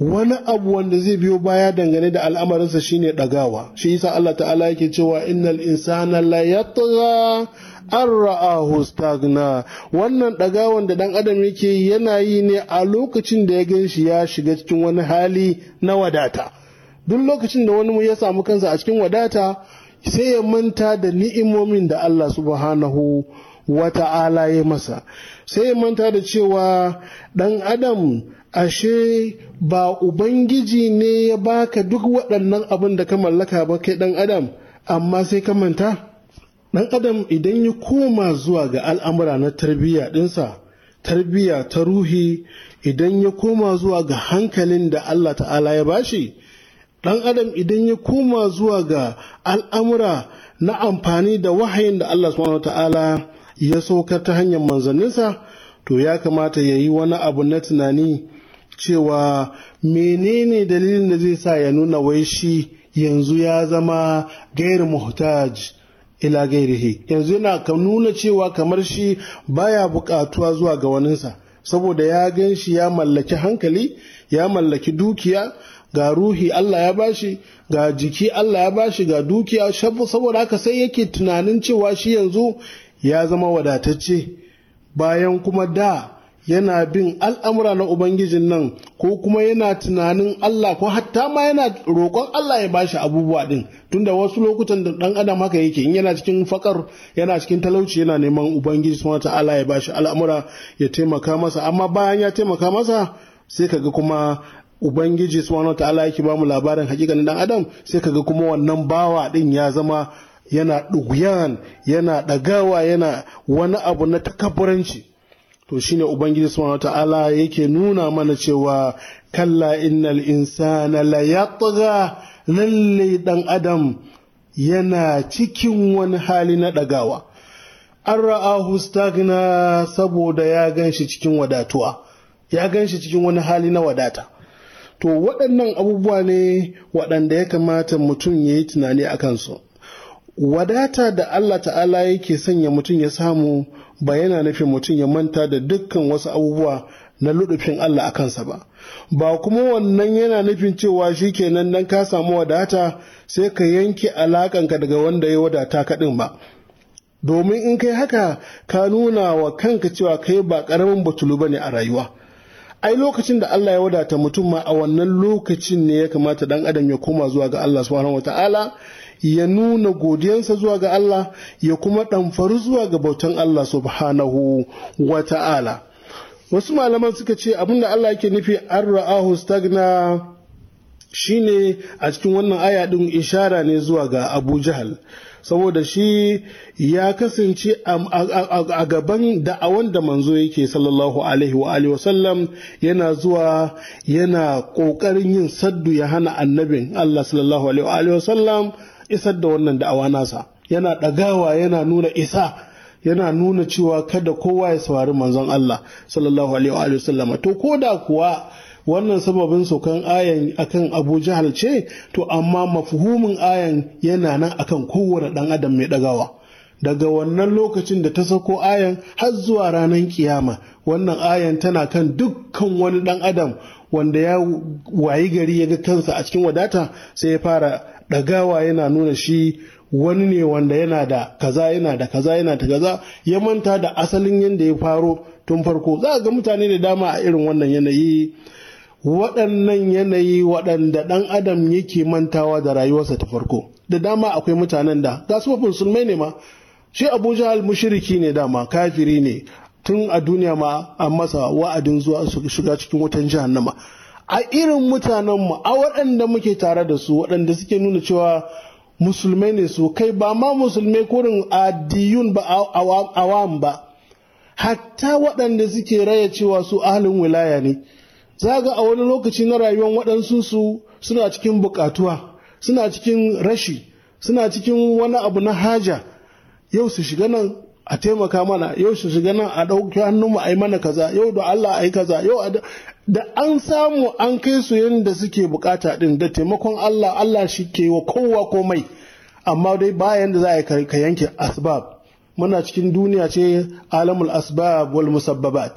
wani abu wanda zai biyo baya dangane da al'amarinsa shine dagawa shi yasa Allah ta'ala yake cewa innal insana la yatgha an ra'ahu stagna wannan ɗagawan da dan adam yake yana yi ne a lokacin da ya gan ya shiga cikin wani hali na wadata duk lokacin da wani ya samu kansa a cikin wadata sai ya manta da ni'imomin da Allah subhanahu wa ta'ala ya masa sai ya manta da cewa ɗan adam ashe ba ubangiji ne ya baka duk waɗannan abin da ka mallaka ba kai ɗan adam amma sai ka manta ɗan adam idan ya koma zuwa ga al'amura na tarbiyya ɗinsa tarbiyya ta ruhi idan ya koma zuwa ga hankalin da Allah ta'ala ya bashi ɗan adam idan ya koma zuwa ga al'amura na amfani da wahayin da Allah subhanahu ta'ala ya sauka ta hanyar manzanninsa to ya kamata ya yi wani abu na tunani cewa menene dalilin da zai sa ya nuna wai shi yanzu ya zama gairi muhtaj ila gairihi yanzu yana ka nuna cewa kamar shi baya buƙatuwa zuwa ga waninsa saboda ya gan shi ya mallaki hankali ya mallaki dukiya ga ruhi Allah ya bashi ga jiki Allah ya bashi ga dukiya shabu saboda haka sai yake tunanin cewa shi yanzu ya zama wadatacce bayan kuma da yana bin al'amura na Ubangijin nan ko kuma yana tunanin Allah ko hatta ma yana roƙon Allah ya bashi abubuwa ɗin tunda wasu lokutan da ɗan adam haka yake in yana cikin fakar yana cikin talauci yana neman Ubangiji subhanahu ta'ala ya bashi al'amura ya taimaka masa amma bayan ya taimaka masa sai ka ga kuma ubangiji subhanahu ta'ala yake bamu labarin hakikanin dan adam sai kaga kuma wannan bawa din ya zama yana ɗuguyan yana ɗagawa yana wani abu na takabburanci to shine ubangiji subhanahu ta'ala yake nuna mana cewa kalla innal insana la yatgha lalle dan adam yana cikin wani hali na ɗagawa an ra'ahu stagna saboda ya ganshi cikin wadatuwa ya ganshi cikin wani hali na wadata to waɗannan abubuwa ne waɗanda ya kamata mutum ya yi tunani a kansu wadata da Allah ta'ala yake sanya mutum ya samu ba yana nufin mutum ya manta da dukkan wasu abubuwa na ludufin Allah a kansa ba ba kuma wannan yana nufin cewa shi kenan dan ka samu wadata sai ka yanke alakanka daga wanda ya wadata kaɗin ba domin in kai haka ka nuna wa kanka cewa kai ba ƙaramin batulu ba ne a rayuwa ai lokacin da Allah ya wadata mutum ma a wannan lokacin ne ya kamata dan adam ya koma zuwa ga Allah subhanahu wataala ya nuna godiyansa zuwa ga Allah ya kuma ɗamfaru zuwa ga bautan Allah subhanahu wata'ala wasu malaman suka ce abinda Allah yake nufi an ra'ahu stagna shine a cikin wannan aya din ishara ne zuwa ga Abu Jahal saboda shi ya kasance a gaban da'awan da manzo yake sallallahu alaihi wa alihi wasallam yana zuwa yana ƙoƙarin yin saddu ya hana annabin Allah sallallahu alaihi wa alihi wasallam isar da wannan da'awa nasa yana ɗagawa yana nuna isa yana nuna cewa kada kowa ya saurari manzon Allah sallallahu alaihi wa wasallam to ko da kuwa wannan sababin saukan ayan akan abu jahal ce to amma mafuhumin ayan yana nan akan kowane ɗan adam mai ɗagawa daga wannan lokacin da ta sako ayan har zuwa ranar kiyama wannan ayan tana kan dukkan wani ɗan adam wanda ya wayi gari ya ga kansa a cikin wadata sai ya fara ɗagawa yana nuna shi wani ne wanda yana da kaza yana da kaza yana da kaza ya manta da asalin yadda ya faro tun farko za a ga mutane da dama a irin wannan yanayi waɗannan yanayi waɗanda ɗan adam yake mantawa da rayuwarsa ta farko da dama akwai mutanen da ga su musulmai ne ma shi abu jahal mushiriki ne dama kafiri ne tun a duniya ma a masa wa'adin zuwa su shiga cikin wutan jahannama a irin mutanen mu a waɗanda muke tare da su waɗanda suke nuna cewa musulmai ne su kai ba ma musulmai kurin addiyun ba awam ba hatta waɗanda suke raya cewa su ahalin wilaya ne za ga a wani lokaci na rayuwar waɗansu suna cikin buƙatuwa suna cikin rashi suna cikin wani abu na haja yau su shiga nan a taimaka mana yau su shiga nan a ɗauki hannunmu a yi mana kaza yau da Allah a yi kaza yau da an samu an kai su yadda suke bukata ɗin da taimakon Allah Allah shi ke wa kowa komai amma dai bayan da za a ka yanke asbab muna cikin duniya ce alamul asbab wal musabbabat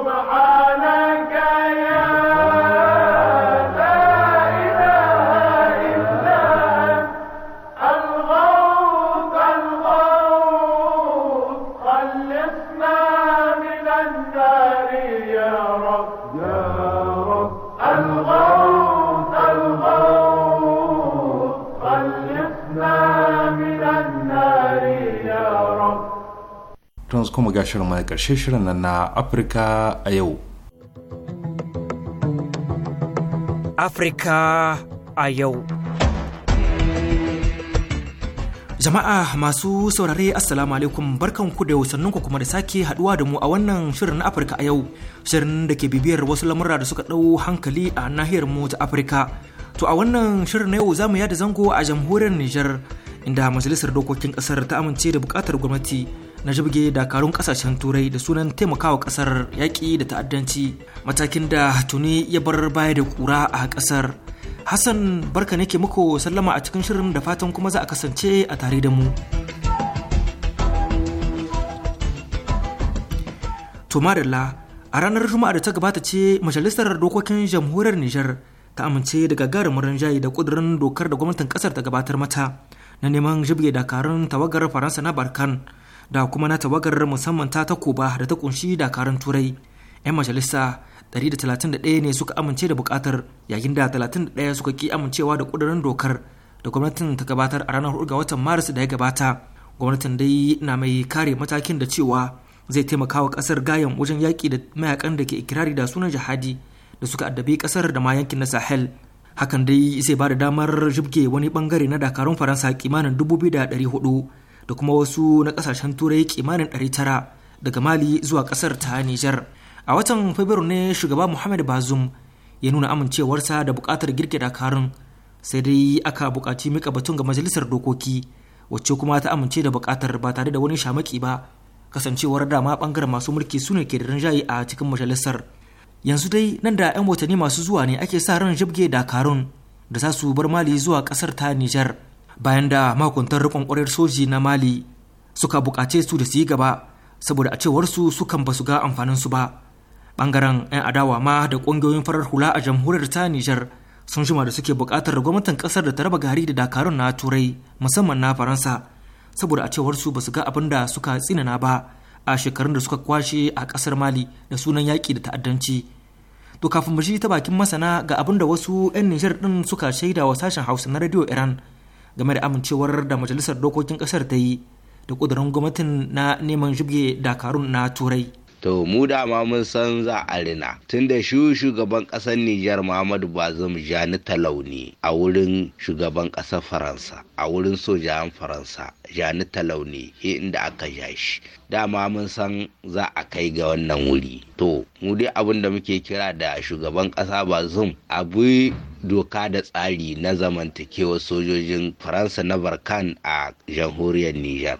yanzu kuma ga shirin mai karshe shirin nan na Afirka a yau. Afirka a yau. Jama'a masu saurare Assalamu alaikum barkanku da ku kuma da sake haduwa da mu a wannan shirin na Afirka a yau. Shirin da ke bibiyar wasu lamurra da suka ɗau hankali a nahiyar mu ta Afirka. To a wannan shirin na yau za mu yada zango a jamhuriyar Nijar inda majalisar dokokin ƙasar ta amince da buƙatar gwamnati na jibge dakarun kasashen turai da sunan taimakawa kasar yaƙi da ta'addanci matakin da tuni ya bar baya da kura a kasar hassan barka ne ke muku sallama a cikin shirin da fatan kuma za a kasance a tare da mu tomarilla a ranar juma'a da ta gabata ce majalisar dokokin jamhuriyar nijar ta amince da gagarumin rinjaye da kudurin dokar da gwamnatin kasar ta gabatar mata na neman jibge dakarun tawagar faransa na barkan da kuma na tawagar musamman ta takoba da ta kunshi dakarun turai 'yan majalisa 131 ne suka amince da bukatar yayin da 31 suka ki amincewa da kudurin dokar da gwamnatin ta gabatar a ranar 4 ga watan maris da ya gabata gwamnatin dai na mai kare matakin da cewa zai taimakawa wa kasar gayan wajen yaƙi da mayakan da ke ikirari da sunan jihadi da suka addabi kasar da ma yankin na sahel hakan dai zai ba da damar jibge wani bangare na dakarun faransa kimanin 2,400 da kuma wasu na kasashen turai kimanin 900 daga mali zuwa kasar ta nijar a watan fabiru ne shugaba muhammad bazum ya nuna amincewarsa da bukatar girke dakarun sai dai aka bukaci mika batun ga majalisar dokoki wacce kuma ta amince da bukatar ba tare da wani shamaki ba kasancewar dama bangaren masu mulki su ne ke da rinjaye a cikin majalisar yanzu dai nan da 'yan watanni masu zuwa ne ake sa ran jibge dakarun da za su bar mali zuwa kasar ta nijar bayan da mahukuntar rikon kwarar soji na mali suka bukace su da su yi gaba saboda a cewar su sukan su ga amfanin su ba bangaren 'yan adawa ma da kungiyoyin farar hula a jamhuriyar ta nijar sun jima da suke bukatar gwamnatin kasar da ta raba gari da dakarun na turai musamman na faransa saboda a cewar su basu ga abin da suka tsinana ba a shekarun da suka kwashe a kasar mali da sunan yaƙi da ta'addanci to kafin mu ta bakin masana ga abin da wasu 'yan nijar din suka shaida wa sashen hausa na radio iran game da amincewar da majalisar dokokin kasar ta yi da ƙudurin gwamnatin na neman jibge dakarun na turai to mu dama mun san za a rina da shi shugaban ƙasar Nijar Muhammadu Bazum Jani Talauni a wurin shugaban ƙasar Faransa a wurin sojan Faransa Jani Talauni inda aka ja shi dama mun san za a kai ga wannan wuri to mu dai abin da muke kira da shugaban ƙasa Bazum abu doka da tsari na zamantakewar sojojin Faransa na Barkan a jamhuriyar Nijar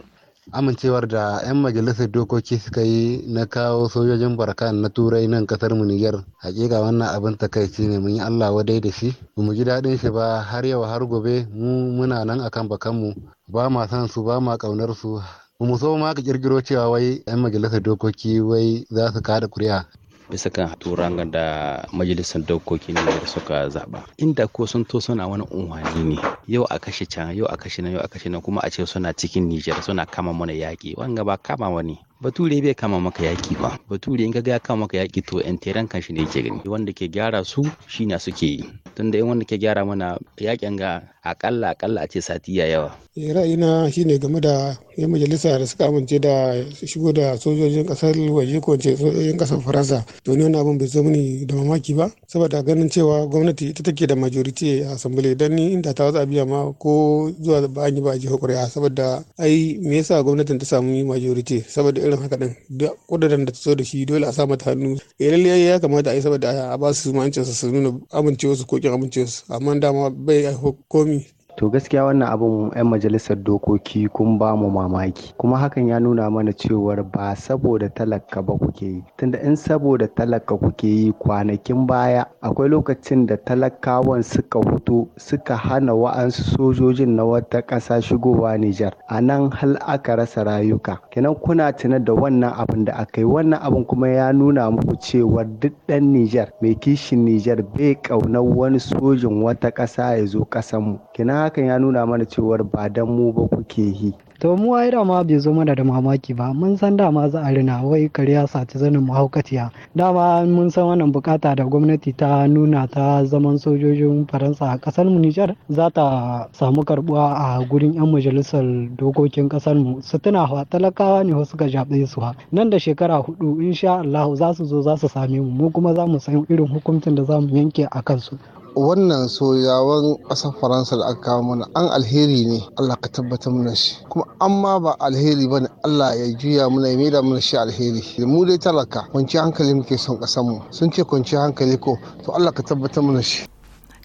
amincewar da 'yan majalisar dokoki suka yi na kawo sojojin barkan na turai nan kasar mu niger hakika wannan abin takaici ne mun yi allah wadai da shi ba mu ji daɗin shi ba har yau har gobe mu muna nan akan bakanmu ba ma san su ba ma ƙaunar su ba mu so ma ka kirkiro cewa wai 'yan majalisar dokoki wai za su kada kuri'a bisa kan turangar da majalisar dokoki ne suka zaba inda ko sun to suna wani unwani ne yau a kashe can yau a kashe nan yau a kashe nan kuma a ce suna cikin Nijar suna kama mana yaƙi wanga ba kama wani bature bai kama maka yaki ba bature in kaga ya kama maka yaki to yan teran kanshi shi ne yake gani wanda ke gyara su shi na suke yi tunda wanda ke gyara mana yakin ga akalla akalla a ce sati ya yawa eh, ra'ayina shine game da yan majalisa da suka amince da shigo da sojojin kasar waje ko ce sojojin kasar faransa to ni abin bai zo mini da mamaki ba saboda ganin cewa gwamnati ita take da majority a assembly dan ni inda ta watsa biya ma ko zuwa ba an yi ba a jihar saboda ai me yasa gwamnatin ta samu majority saboda irin haka din duk kudirin da ta zo da shi dole a sa mata hannu ya eh, lalle ya kamata a yi saboda a ba su zumancin su nuna amincewa su ko kin amincewa su amma dama bai komi to gaskiya wannan abin 'yan majalisar dokoki kun ba mu mamaki kuma hakan ya nuna mana cewar ba saboda talaka ba kuke yi tunda in saboda talaka kuke yi kwanakin baya akwai lokacin da talakawan suka fito suka hana wa'ansu sojojin na wata ƙasa shigowa Nijar a nan hal aka rasa rayuka kenan kuna tuna da wannan abin da aka yi wannan abin kuma ya nuna muku cewar duk ɗan Nijar mai kishin Nijar bai ƙaunar wani sojin wata ƙasa ya zo ƙasanmu kenan hakan ya nuna mana cewar ba dan mu ba kuke yi to mu ai dama bai zo mana da mamaki ba mun san dama za a rina wai kariya sati zanin mu da dama mun san wannan bukata da gwamnati ta nuna ta zaman sojojin faransa a kasar mu nijar za ta samu karbuwa a gurin yan majalisar dokokin kasar mu su tuna wa talakawa ne wasu ga jabe su ha nan da shekara hudu insha Allah za su zo za su same mu mu kuma za mu san irin hukuncin da za mu yanke a kansu wannan soyawan ƙasar faransa da aka kawo mana an alheri ne allah ka tabbatar mana shi kuma an ma ba alheri ba ne allah ya juya mana ya maida mana shi alheri mu dai talaka kwanci hankali muke son ƙasar mu sun ce kwanci hankali ko to allah ka tabbatar mana shi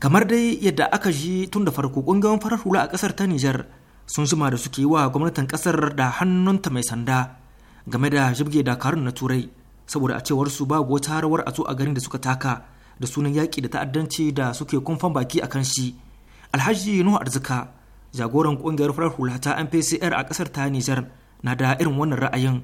kamar dai yadda aka ji tun da farko ƙungiyoyin farar hula a ƙasar ta nijar sun zuma da suke yi wa gwamnatin ƙasar da hannunta mai sanda game da jibge dakarun na turai saboda a cewar su babu wata rawar a zo a garin da suka taka da sunan yaƙi da ta'addanci da suke kumfan baki a kan shi alhaji nuhu arzika jagoran ƙungiyar farar hula ta mpcr a ƙasar ta nijar na da irin wannan ra'ayin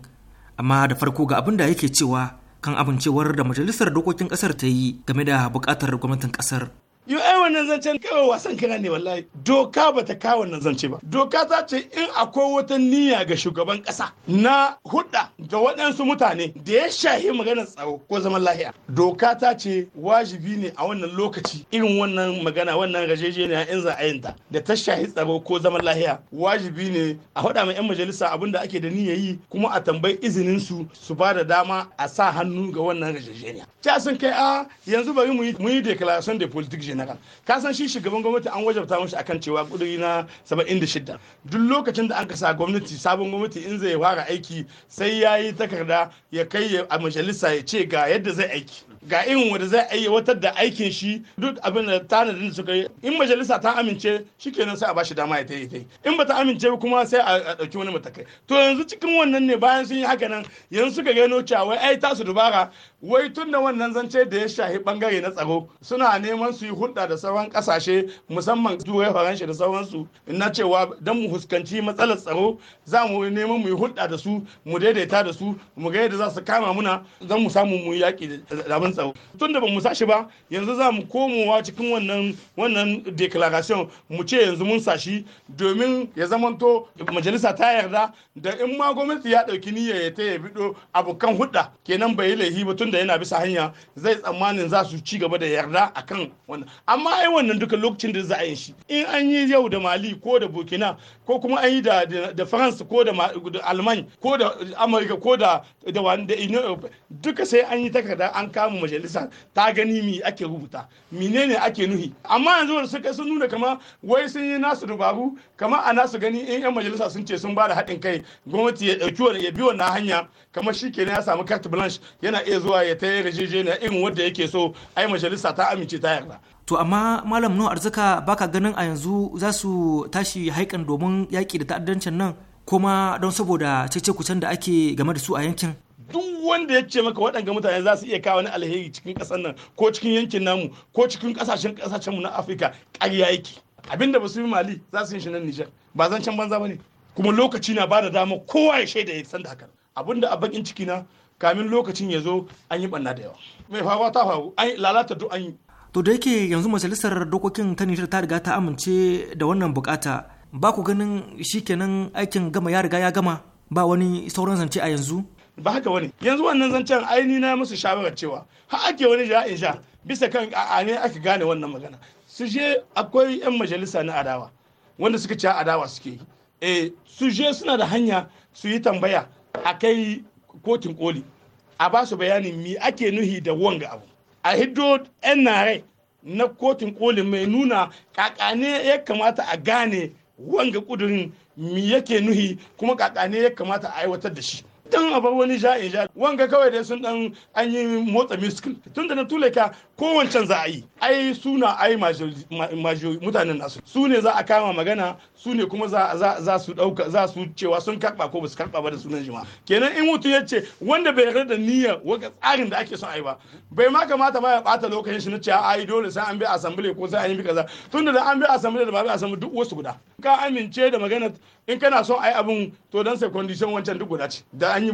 amma da farko ga abin da yake cewa kan amincewar da majalisar dokokin ƙasar ta yi game da buƙatar gwamnatin ƙasar Yo ai wannan zancen kawai wasan kira ne wallahi. Doka bata kawo wannan zance ba. Doka ta ce in akwai wata niyya ga shugaban kasa na hudda ga waɗansu mutane da ya shahi magana tsaro ko zaman lahiya. Doka ta ce wajibi ne a wannan lokaci irin wannan magana wannan gajejeniya in za a yin da ta shahi tsaro ko zaman lahiya wajibi ne a hada ma 'yan majalisa abin ake da niyya yi kuma a tambayi izinin su su ba da dama a sa hannu ga wannan gajejeniya. Ta sun kai a ah, yanzu bari mu yi declaration de politique general ka san shi shugaban gwamnati an wajabta mashi akan cewa kuduri na 76 duk lokacin da an kasa gwamnati sabon gwamnati in zai fara aiki sai ya yi takarda ya kai a majalisa ya ce ga yadda zai aiki ga irin wanda zai watar da aikin shi duk abin da tanadin da suka yi in majalisa ta amince shikenan sai a bashi dama ya tayi tayi in ba ta amince ba kuma sai a dauki wani matakai to yanzu cikin wannan ne bayan sun yi haka nan yanzu suka gano cewa wai ai tasu dubara wai tun da wannan zance da ya shahi bangare na tsaro suna neman su yi hulɗa da sauran kasashe musamman turai faransa da sauransu na cewa don mu fuskanci matsalar tsaro za mu neman mu yi hulɗa da su mu daidaita da su mu ga yadda za su kama muna don mu samu mu yaƙi da abin tsaro tun da ba mu sashi ba yanzu za mu komowa cikin wannan wannan declaration mu ce yanzu mun sashi domin ya zamanto majalisa ta yarda da in ma gwamnati ya ɗauki niyya ya ta ya bido abokan hulɗa kenan bai yi laifi ba tun da yana bisa hanya zai tsammanin za su ci gaba da yarda akan wannan amma ai wannan duka lokacin da za a yi shi in an yi yau da mali ko da burkina ko kuma an yi da da France ko da Alman ko da Amurka ko da da wanda duka sai an yi takarda an kama majalisa ta gani mi ake rubuta menene ake nuhi amma yanzu wanda suka sun nuna kama wai sun yi nasu dubaru kama a nasu gani in yan majalisa sun ce sun ba da haɗin kai gwamnati ya ɗauki wani ya bi wannan hanya kama shi ya samu carte blanche yana iya zuwa ya ta yarjejeniya irin wanda yake so ai majalisa ta amince ta yarda to amma malam nawa arzika baka ganin a yanzu za su tashi haikan domin yaƙi da ta'addancin nan kuma don saboda cece kucen da ake game da su a yankin duk wanda ya ce maka waɗanga mutane za su iya kawo wani alheri cikin ƙasar nan ko cikin yankin namu ko cikin ƙasashen mu na afirka ƙarya yake abinda ba su yi mali za su yi shi nan nijar ba zan can banza ba ne kuma lokaci na bada dama kowa ya shaida ya san da hakan. abin da a bakin ciki na kamin lokacin ya zo an yi ɓanna da yawa mai faruwa ta faru an lalata duk an yi to da yake yanzu majalisar dokokin ta nijar ta riga ta amince da wannan bukata ba ku ganin shikenan aikin gama ya riga ya gama ba wani sauran zance a yanzu ba haka wani yanzu wannan zancen aini na musu shawarar cewa har ake wani ja'in sha bisa kan a ne aka gane wannan magana su je akwai yan majalisa na adawa wanda suka ci adawa suke yi eh su je suna da hanya su yi tambaya a kai kotun koli a ba su bayani mi ake nuhi da wanga abu a hiddo 'yan na kotun kolin mai nuna kakane ya kamata a gane wanga kudurin mi yake nuhi kuma kakane ya kamata a aiwatar da shi dan bar wani ja'e ja wanga kawai dai sun dan an yi motsa miskin tun da na tule ka kowancan za a yi ai suna ai mutanen nasu su ne za a kama magana su ne kuma za su dauka za su cewa sun karba ko ba su karba ba da sunan jima kenan in mutum ya ce wanda bai yarda da niyyar waka tsarin da ake son ai ba bai ma kamata ba ya bata lokacin shi na ce ai dole sai an bi assembly ko sai an yi kaza tunda da an bi assembly da ba bi assembly duk wasu guda ka amince da magana in kana son ai abin to dan sai condition wancan duk guda ce da an yi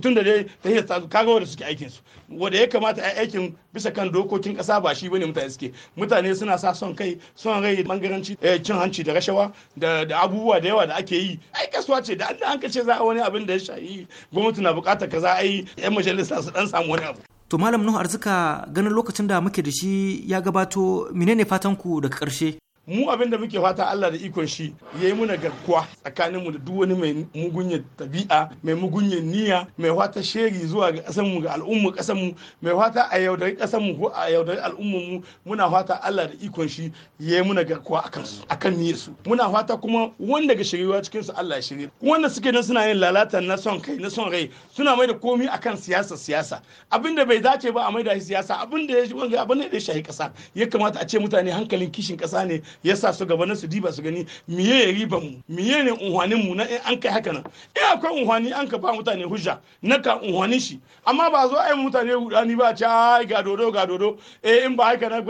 tun da dai ta yi ta kaga wanda suke aikin su wanda ya kamata ai aikin bisa kan dokokin kasa ba shi bane mutane suke mutane suna sa son kai son rai bangaranci eh, cin hanci da rashawa da abubuwa da yawa da ake yi ai kasuwa ce da an ce za a wani abin da ya shayi gwamnati na bukatar kaza ai yan majalisa su dan samu wani abu to malam nuhu arzika ganin lokacin da muke da shi ya gabato menene fatan ku daga karshe mu abin da muke fata Allah da ikon shi ya yi muna garkuwa tsakaninmu da duk wani mai mugunyar tabi'a mai mugunyar niyya mai fata sheri zuwa ga ƙasarmu ga al'ummu ƙasarmu mai fata a yaudari ƙasarmu ko a yaudari al'ummarmu muna fata Allah da ikon shi ya yi muna garkuwa a kan akan niyyar su muna fata kuma wanda ga shirewa cikin su Allah ya shirye wanda suke nan suna yin lalata na son kai na son rai suna mai da komi akan siyasa siyasa abin da bai dace ba a mai da siyasa da ya abin da ya shahi ƙasa ya kamata a ce mutane hankalin kishin ƙasa ne ya sa su gaba na su diba su gani miye ya riba mu miye ne unhwanin mu na an kai haka nan in akwai unhwani an ka ba mutane hujja na ka unhwani shi amma ba zo ai mutane ni ba ce ai ga dodo ga dodo eh in ba haka na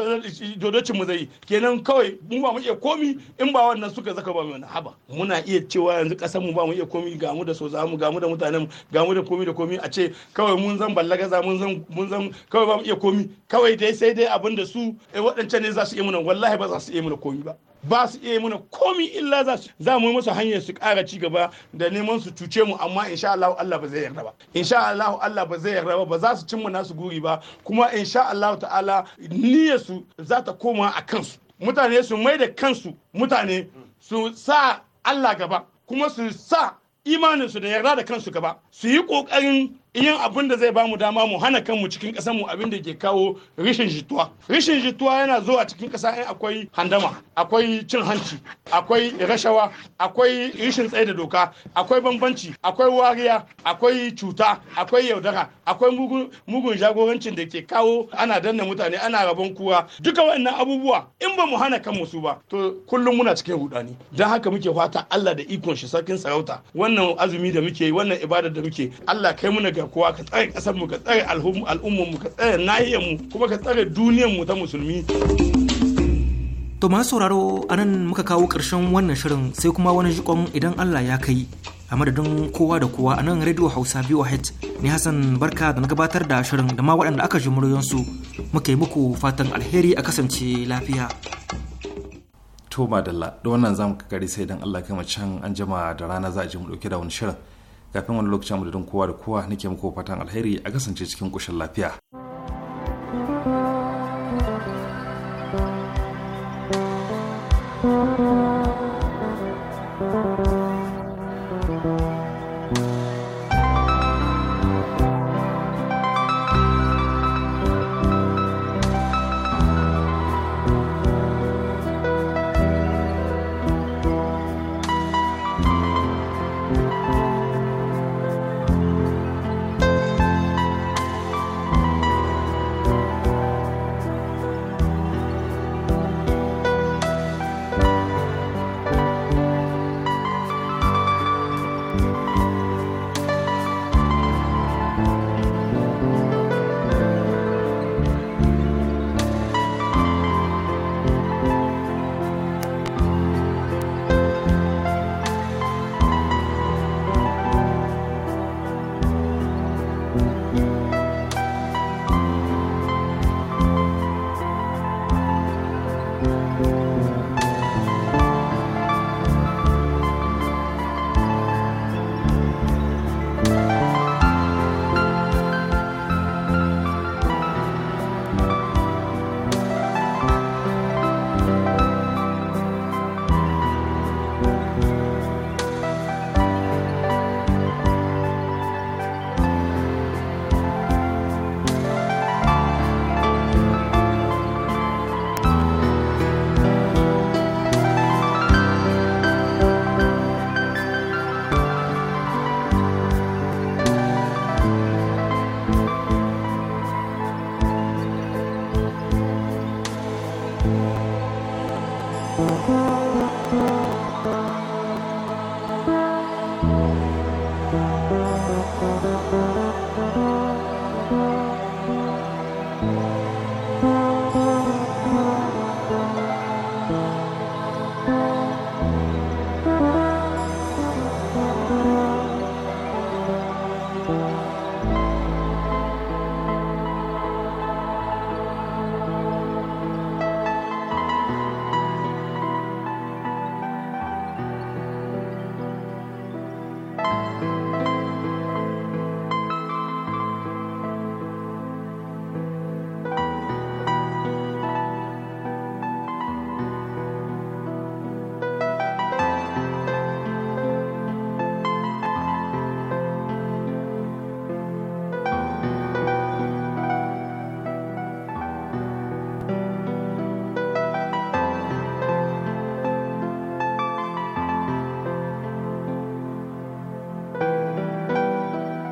dodo cin mu zai kenan kawai mu ba mu iya komi in ba wannan suka zaka ba mu wani haba muna iya cewa yanzu kasar mu ba mu iya komi ga mu da so za mu ga mu da mutanen mu ga mu da komi da komi a ce kawai mun zan za mun zan mun zan kawai ba mu iya komi kawai dai sai dai abin da su eh, waɗancan ne za su iya nan wallahi ba za su iya muna komi komi ba ba su iya mana komi illa za su za mu yi musu hanyar su kara ci gaba da neman su cuce mu amma insha Allah Allah ba zai yarda ba insha Allah Allah ba zai yarda ba ba za su cimma nasu guri ba kuma insha Allah ta'ala niyyar su za ta koma a kansu mutane su mai da kansu mutane su sa Allah gaba kuma su sa imaninsu da yarda da kansu gaba su yi ƙoƙarin yin abin da zai ba mu dama mu hana kanmu cikin ƙasar mu abin da ke kawo rishin jituwa rishin jituwa yana zuwa cikin ƙasa in akwai handama akwai cin hanci akwai rashawa akwai rishin tsaye da doka akwai bambanci akwai wariya akwai cuta akwai yaudara akwai mugun jagorancin da ke kawo ana danna mutane ana rabon kuwa duka waɗannan abubuwa in ba mu hana kanmu su ba to kullum muna cikin rudani don haka muke fata Allah da ikon shi sarkin sarauta wannan azumi da muke yi wannan ibada da rike Allah kai muna ga kowa ka tsare kasar mu ka tsare al'ummar mu ka tsare nahiyar mu kuma ka tsare duniyar mu ta musulmi to masu sauraro anan muka kawo karshen wannan shirin sai kuma wani jikon idan Allah ya kai a madadin kowa da kowa anan radio hausa voh ne hassan barka da na gabatar da shirin da ma waɗanda aka ji muryoyinsu muka yi muku fatan alheri a kasance lafiya to madalla da wannan zamu kakari sai dan allah kai can an jima da rana za a ji mu dauke da wani shirin kafin wani lokaci mu da kowa da kowa nake muku fatan alheri a kasance cikin koshin lafiya.